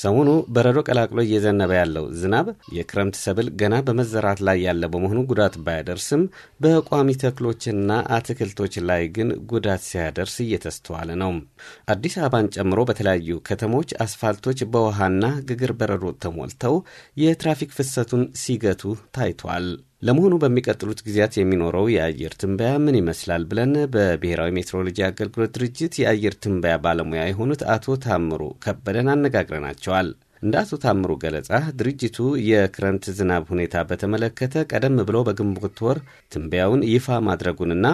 ሰሞኑ በረዶ ቀላቅሎ እየዘነበ ያለው ዝናብ የክረምት ሰብል ገና በመዘራት ላይ ያለ በመሆኑ ጉዳት ባያደርስም በቋሚ ተክሎችና አትክልቶች ላይ ግን ጉዳት ሲያደርስ እየተስተዋለ ነው። አዲስ አበባን ጨምሮ በተለያዩ ከተሞች አስፋልቶች በውሃና ግግር በረዶ ተሞልተው የትራፊክ ፍሰቱን ሲገቱ ታይቷል። ለመሆኑ በሚቀጥሉት ጊዜያት የሚኖረው የአየር ትንበያ ምን ይመስላል ብለን በብሔራዊ ሜትሮሎጂ አገልግሎት ድርጅት የአየር ትንበያ ባለሙያ የሆኑት አቶ ታምሩ ከበደን አነጋግረናቸዋል። እንደ አቶ ታምሩ ገለጻ ድርጅቱ የክረምት ዝናብ ሁኔታ በተመለከተ ቀደም ብሎ በግንቦት ወር ትንበያውን ይፋ ማድረጉንና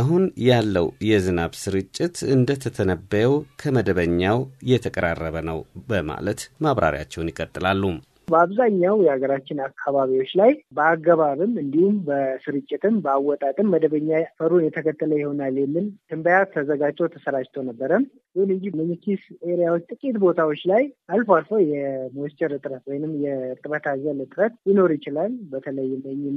አሁን ያለው የዝናብ ስርጭት እንደተተነበየው ከመደበኛው የተቀራረበ ነው በማለት ማብራሪያቸውን ይቀጥላሉ። በአብዛኛው የሀገራችን አካባቢዎች ላይ በአገባብም እንዲሁም በስርጭትም በአወጣጥም መደበኛ ፈሩን የተከተለ ይሆናል የሚል ትንበያ ተዘጋጅቶ ተሰራጭቶ ነበረ። ይሁን እንጂ በኪስ ኤሪያዎች ጥቂት ቦታዎች ላይ አልፎ አልፎ የሞይስቸር እጥረት ወይም የእርጥበት አዘል እጥረት ሊኖር ይችላል። በተለይ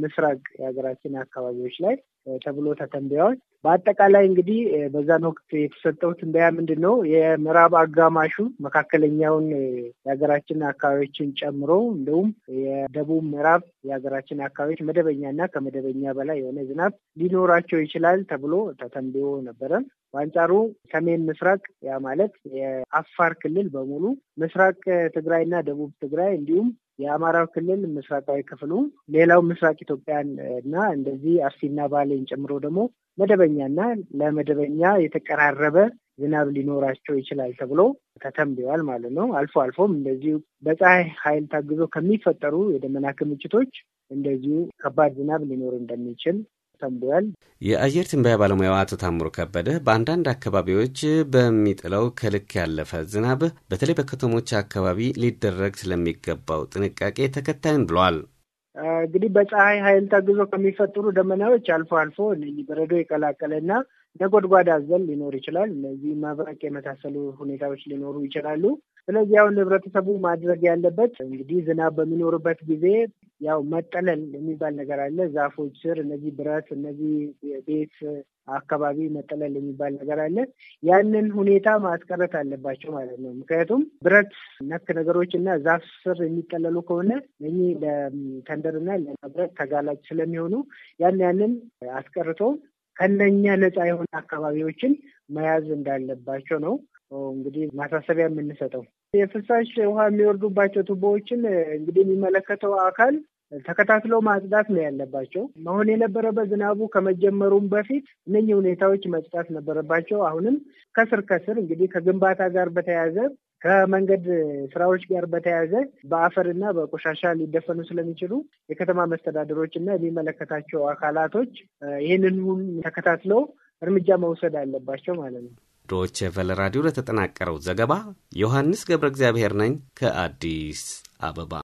ምስራቅ የሀገራችን አካባቢዎች ላይ ተብሎ ተተንበያዎች። በአጠቃላይ እንግዲህ በዛን ወቅት የተሰጠው ትንበያ ምንድን ነው? የምዕራብ አጋማሹ መካከለኛውን የሀገራችን አካባቢዎችን ጨምሮ ነው። እንደውም የደቡብ ምዕራብ የሀገራችን አካባቢዎች መደበኛና ከመደበኛ በላይ የሆነ ዝናብ ሊኖራቸው ይችላል ተብሎ ተተንብዮ ነበረ። በአንጻሩ ሰሜን ምስራቅ ያ ማለት የአፋር ክልል በሙሉ ምስራቅ ትግራይና ደቡብ ትግራይ እንዲሁም የአማራው ክልል ምስራቃዊ ክፍሉ ሌላው ምስራቅ ኢትዮጵያን እና እንደዚህ አርሲና ባሌን ጨምሮ ደግሞ መደበኛና ለመደበኛ የተቀራረበ ዝናብ ሊኖራቸው ይችላል ተብሎ ተተንብዋል ማለት ነው። አልፎ አልፎም እንደዚሁ በፀሐይ ኃይል ታግዞ ከሚፈጠሩ የደመና ክምችቶች እንደዚሁ ከባድ ዝናብ ሊኖር እንደሚችል ተንብዋል። የአየር ትንበያ ባለሙያው አቶ ታምሮ ከበደ በአንዳንድ አካባቢዎች በሚጥለው ከልክ ያለፈ ዝናብ በተለይ በከተሞች አካባቢ ሊደረግ ስለሚገባው ጥንቃቄ ተከታይን ብሏል። እንግዲህ በፀሐይ ኃይል ተግዞ ከሚፈጥሩ ደመናዎች አልፎ አልፎ እነዚህ በረዶ የቀላቀለና ነጎድጓድ አዘል ሊኖር ይችላል። እነዚህ መብረቅ የመሳሰሉ ሁኔታዎች ሊኖሩ ይችላሉ። ስለዚህ ያው ህብረተሰቡ ማድረግ ያለበት እንግዲህ ዝናብ በሚኖርበት ጊዜ ያው መጠለል የሚባል ነገር አለ። ዛፎች ስር እነዚህ ብረት እነዚህ ቤት አካባቢ መጠለል የሚባል ነገር አለ። ያንን ሁኔታ ማስቀረት አለባቸው ማለት ነው። ምክንያቱም ብረት ነክ ነገሮች እና ዛፍ ስር የሚጠለሉ ከሆነ እ ለተንደርና ለመብረት ተጋላጭ ስለሚሆኑ ያን ያንን አስቀርቶ ከነኛ ነፃ የሆነ አካባቢዎችን መያዝ እንዳለባቸው ነው። እንግዲህ ማሳሰቢያ የምንሰጠው። የፍሳሽ ውሃ የሚወርዱባቸው ቱቦዎችን እንግዲህ የሚመለከተው አካል ተከታትሎ ማጽዳት ነው ያለባቸው። መሆን የነበረበት ዝናቡ ከመጀመሩም በፊት እነኚህ ሁኔታዎች መጽዳት ነበረባቸው። አሁንም ከስር ከስር እንግዲህ ከግንባታ ጋር በተያያዘ ከመንገድ ስራዎች ጋር በተያያዘ በአፈርና በቆሻሻ ሊደፈኑ ስለሚችሉ የከተማ መስተዳደሮች እና የሚመለከታቸው አካላቶች ይህንን ተከታትለው እርምጃ መውሰድ አለባቸው ማለት ነው። ዶቼ ቨለ ራዲዮ ለተጠናቀረው ዘገባ ዮሐንስ ገብረ እግዚአብሔር ነኝ ከአዲስ አበባ